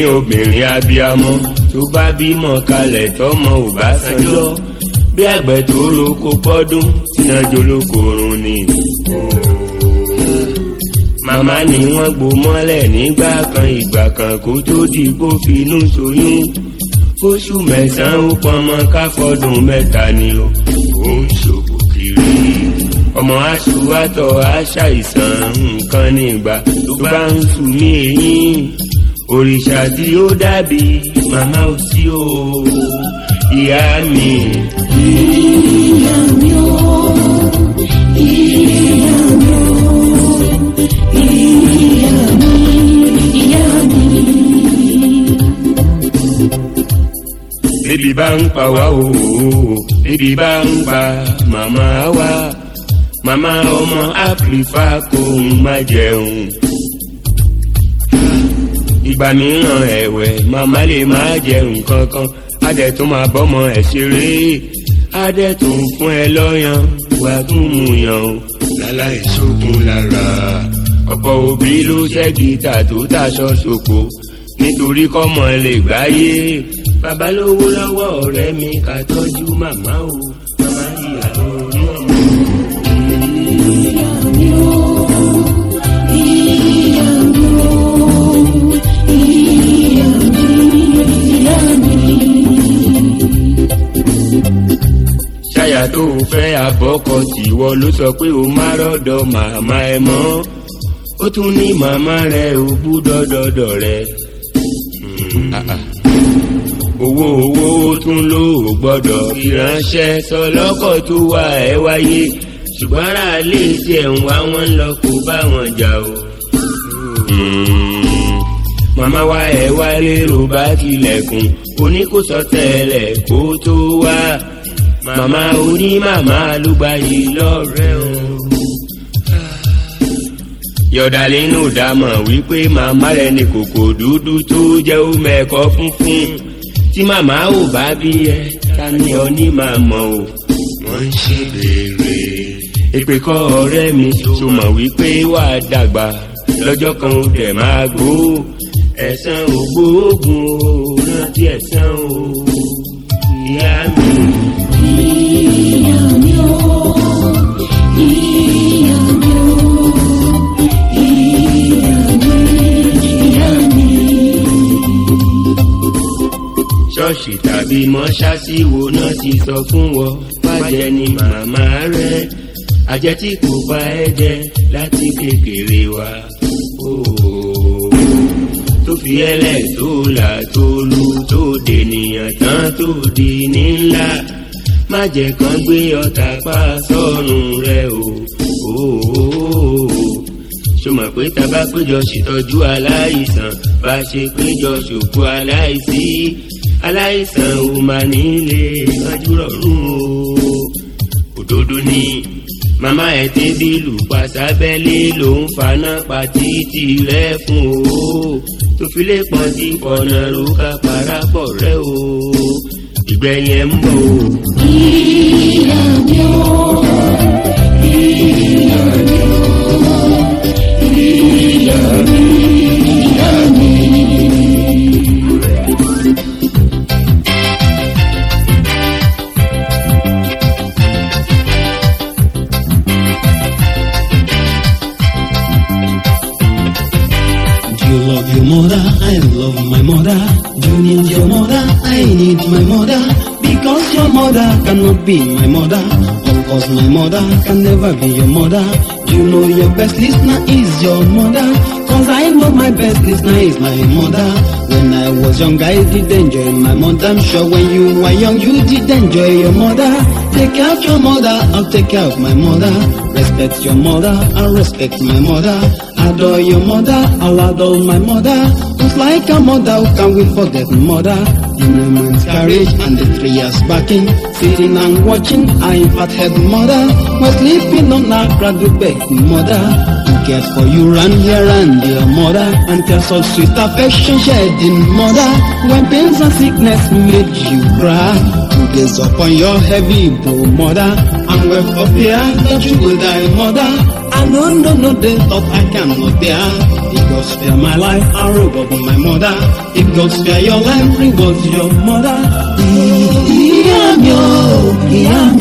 pé obìnrin abiyamọ tó bá bímọ kalẹ̀ tọmọ ò bá sanjọ́ bí àgbẹ̀ tó lóko pọ́dún tínájọ́ lóko run ni. màmá ni wọ́n gbó mọ́lẹ̀ nígbà kan ìgbà kan kó tó di kó finú ṣoyún fóṣù mẹ́sàn-án ó pọnmọ káfọ́dún mẹ́ta ni ó ń ṣòkò kiri ọmọ aṣùwàtọ̀ aṣàìsàn nǹkan nígbà tó bá ń sùn ní eyín òrìṣà tí ó dàbí màmá ò sí o ìyá mi. ìyá mi o ìyá mi o ìyá mi ìyá mi. bébí bá ń pa wá o bébí bá ń pa màmá wa màmá ọmọ áfíríkà kò ń má jẹun ìgbà mìíràn ẹ̀wẹ̀ màmá lè má jẹ nǹkan kan adẹ̀tún máa bọ́mọ ẹ̀ ṣeré adẹ̀tún fún ẹ lọ́yàn wà tún mú yàn o láláì ṣógun lára ọ̀pọ̀ òbí ló ṣẹ́gi tàtó tàṣọ ṣòkò nítorí kọ́mọ lè gbáyé bàbá lọ́wọ́ ọ̀rẹ́ mi ká tọ́jú màmá o màmá ìyàwó. tó fẹ́ àbọ́kọ tìwọ ló sọ pé o má rọ́dọ̀ màmá ẹ mọ́ ó tún ní màmá rẹ ò gbúdọ̀ dọ̀dọ̀ rẹ. Hmm. Ah, ah. owó owó ó tún ló ò gbọ́dọ̀ ìránṣẹ́ sọlọ́kọ̀ tó wà ẹ́ wáyé ṣùgbọ́n ara lè tiẹ̀ ń wá wọn lọ kó bá wọn jà o. Hmm. màmá wa ẹ̀ wá lérò bá tilẹ̀kùn oníkósọ tẹ̀lẹ̀ kó tó wá màmá oní màmá ló gba yìí lọ́rẹ́ o. yọ̀dà lẹ́nu wípé màmá rẹ̀ ni kòkò dúdú tó jẹ́ ó mẹ́kọ́ funfun tí màmá ò bá bí ẹ ta ni ọ ní màmá o. wọ́n ń ṣe béèrè. èpè kọ́ ọ̀rẹ́ mi tó mọ̀ wípé wàá dàgbà lọ́jọ́ kan ó dẹ̀ máa gbó ẹ̀san ògbóògùn o rántí ẹ̀san o ìyá mi. bí mọ́ṣáṣí wo náà ti sọ fún ọ bàjẹ́ ni màmá rẹ àjẹ́ tí kò bá ẹ jẹ láti kékeré wa tó fi ẹlẹ́ tó là tó lu tó dènìyàn tán tó di ní ńlá má jẹ́ kán gbé ọ̀tá pa sọ́run rẹ o ṣó mọ̀ pé tá a bá péjọ ṣètọ́jú aláìsàn bá ṣe péjọ ṣòkú aláìsí aláìsàn ò máa nílé ìtọ́jú rọrùn o òdodo ni màmá ẹ̀ tẹ́bílù pàṣábẹ́lé ló ń faná pa títì rẹ fún o tó fi lè pọ̀ sí ọ̀nà rúkà parapọ̀ rẹ o ìgbẹ́yẹn ń bọ̀ o. ìyá mi ò. need your mother, I need my mother, because your mother cannot be my mother. Because my mother can never be your mother. You know your best listener is your mother, cause I know my best listener is my mother. When I was young, I did enjoy my mother. I'm sure when you were young, you did enjoy your mother. Take care of your mother, I'll take care of my mother. Respect your mother, I'll respect my mother. adore your mother, I'll adore my mother. Just like a mother, who can we forget mother? In a man's carriage and the three years backing, sitting and watching, I fat head mother. We're sleeping on our bed, mother. Who cares for you and here and your mother? And tears of sweet affection shed in mother. When pains and sickness made you cry, two days upon your heavy bow mother. And we're for fear that you will die mother. No, no no death! of I cannot bear. If God spare my life, I will rob my mother. If God spare your life, bring God to I am your, I am.